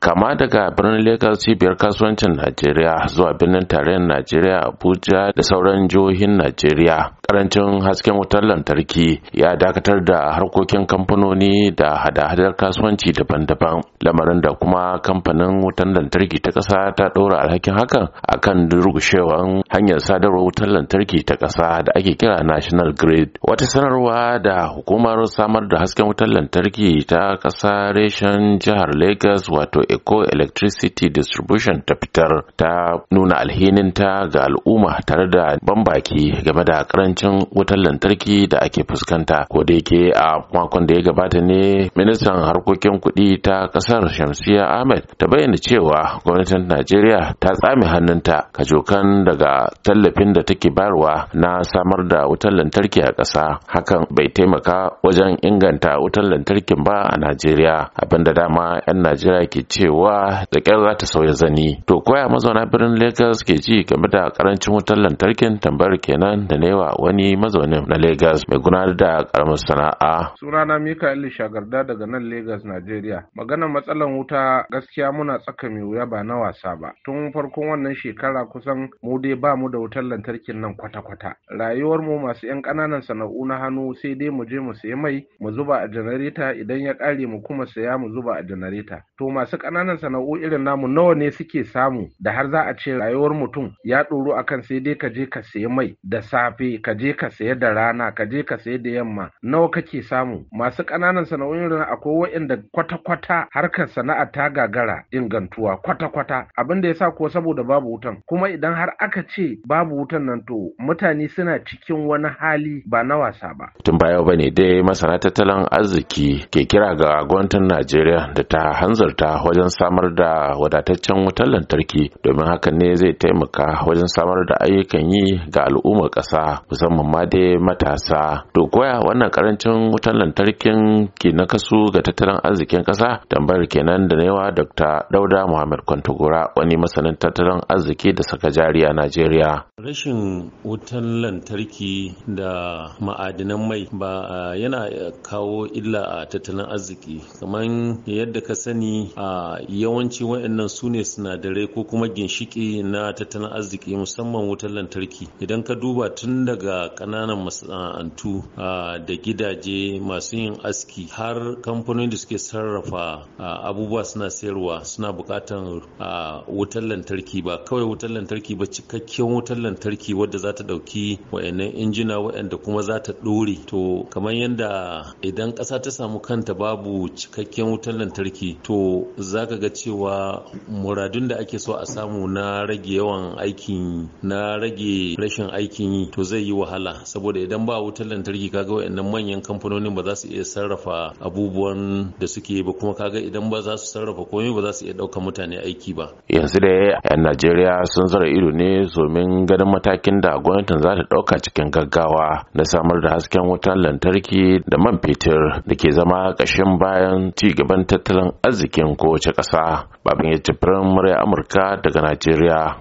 kama daga birnin Legas cibiyar kasuwancin Najeriya zuwa birnin tarayyar Najeriya Abuja da sauran jihohin Najeriya karancin hasken wutar lantarki ya dakatar da harkokin kamfanoni da hada-hadar kasuwanci daban-daban lamarin da kuma kamfanin wutar lantarki ta ƙasa ta ɗora alhakin hakan akan durgushewan hanyar sadarwar wutar lantarki ta ƙasa da ake kira national grid wata sanarwa da hukumar samar da hasken wutar lantarki ta ƙasa reshen jihar lagos wato eco electricity distribution ta fitar ta nuna alhininta ga al'umma tare da bambaki game da karancin yawancin wutar lantarki da ake fuskanta ko da yake a makon da ya gabata ne ministan harkokin kuɗi ta ƙasar shamsiya ahmed ta bayyana cewa gwamnatin najeriya ta tsame hannunta kajokan daga tallafin da take barwa na samar da wutar lantarki a ƙasa hakan bai taimaka wajen inganta wutar lantarkin ba a najeriya abinda dama 'yan najeriya ke cewa da za ta sauya zani to koya mazauna birnin lagos ke ji game da karancin wutar lantarkin tambayar kenan da newa wani mazaunin na Legas mai gudanar da karamar sana'a. Sunana Mikael Shagarda daga nan Legas, Najeriya. Maganar matsalan wuta gaskiya muna tsaka mai wuya ba na wasa ba. Tun farkon wannan shekara kusan mu dai ba mu da wutar lantarkin nan kwata-kwata. Rayuwar mu masu 'yan ƙananan sana'u na hannu sai dai mu je mu sayi mai mu zuba a janareta idan ya ƙare mu kuma saya mu zuba a janareta. To masu ƙananan sana'u irin namu nawa ne suke samu da har za a ce rayuwar mutum ya ɗoru akan sai dai ka je ka sayi mai da safe ka je ka sayar da rana ka je ka sayar da yamma nawa kake samu masu ƙananan sana'o'in rana akwai wa'inda kwata-kwata harkar sana'a ta gagara ingantuwa kwata-kwata abin da yasa ko saboda babu wutan kuma idan har aka ce babu wutan nan to mutane suna cikin wani hali ba na wasa ba tun baya bane dai masana tattalin arziki ke kira ga gwamnatin Najeriya da ta hanzarta wajen samar da wadataccen wutar lantarki domin hakan ne zai taimaka wajen samar da ayyukan yi ga al'ummar ƙasa musamman ma dai matasa to koya wannan karancin wutar lantarkin ke na kasu ga tattalin arzikin kasa tambayar kenan da yawa dr dauda muhammad Kwantogora wani masanin tattalin arziki da saka jari a najeriya rashin wutan lantarki da ma'adinan mai ba yana kawo illa a tattalin arziki kamar yadda ka sani a yawanci waɗannan su ne sinadarai ko kuma ginshiki na tattalin arziki musamman wutar lantarki idan ka duba tun daga daga ƙananan masana'antu da gidaje masu yin aski har kamfanin da suke sarrafa abubuwa suna sayarwa suna buƙatan wutar lantarki ba kawai wutar lantarki ba cikakken wutar lantarki wadda za ta ɗauki wa'annan injina wa'anda kuma za ta ɗore to kamar yadda idan ƙasa ta samu kanta babu cikakken wutar lantarki to za ka ga cewa muradun da ake so a samu na rage yawan aikin na rage rashin aikin yi to zai yi wahala saboda idan ba wutar lantarki kaga wayannan manyan kamfanonin ba za su iya sarrafa abubuwan da suke ba kuma kaga idan ba za su sarrafa komai ba za su iya ɗaukar mutane aiki ba yanzu da yan Najeriya sun zara ido ne domin ganin matakin da gwamnatin za ta ɗauka cikin gaggawa na samar da hasken wutar lantarki da man fetur da ke zama kashin bayan ci gaban tattalin arzikin kowace kasa babin ya murya Amurka daga Najeriya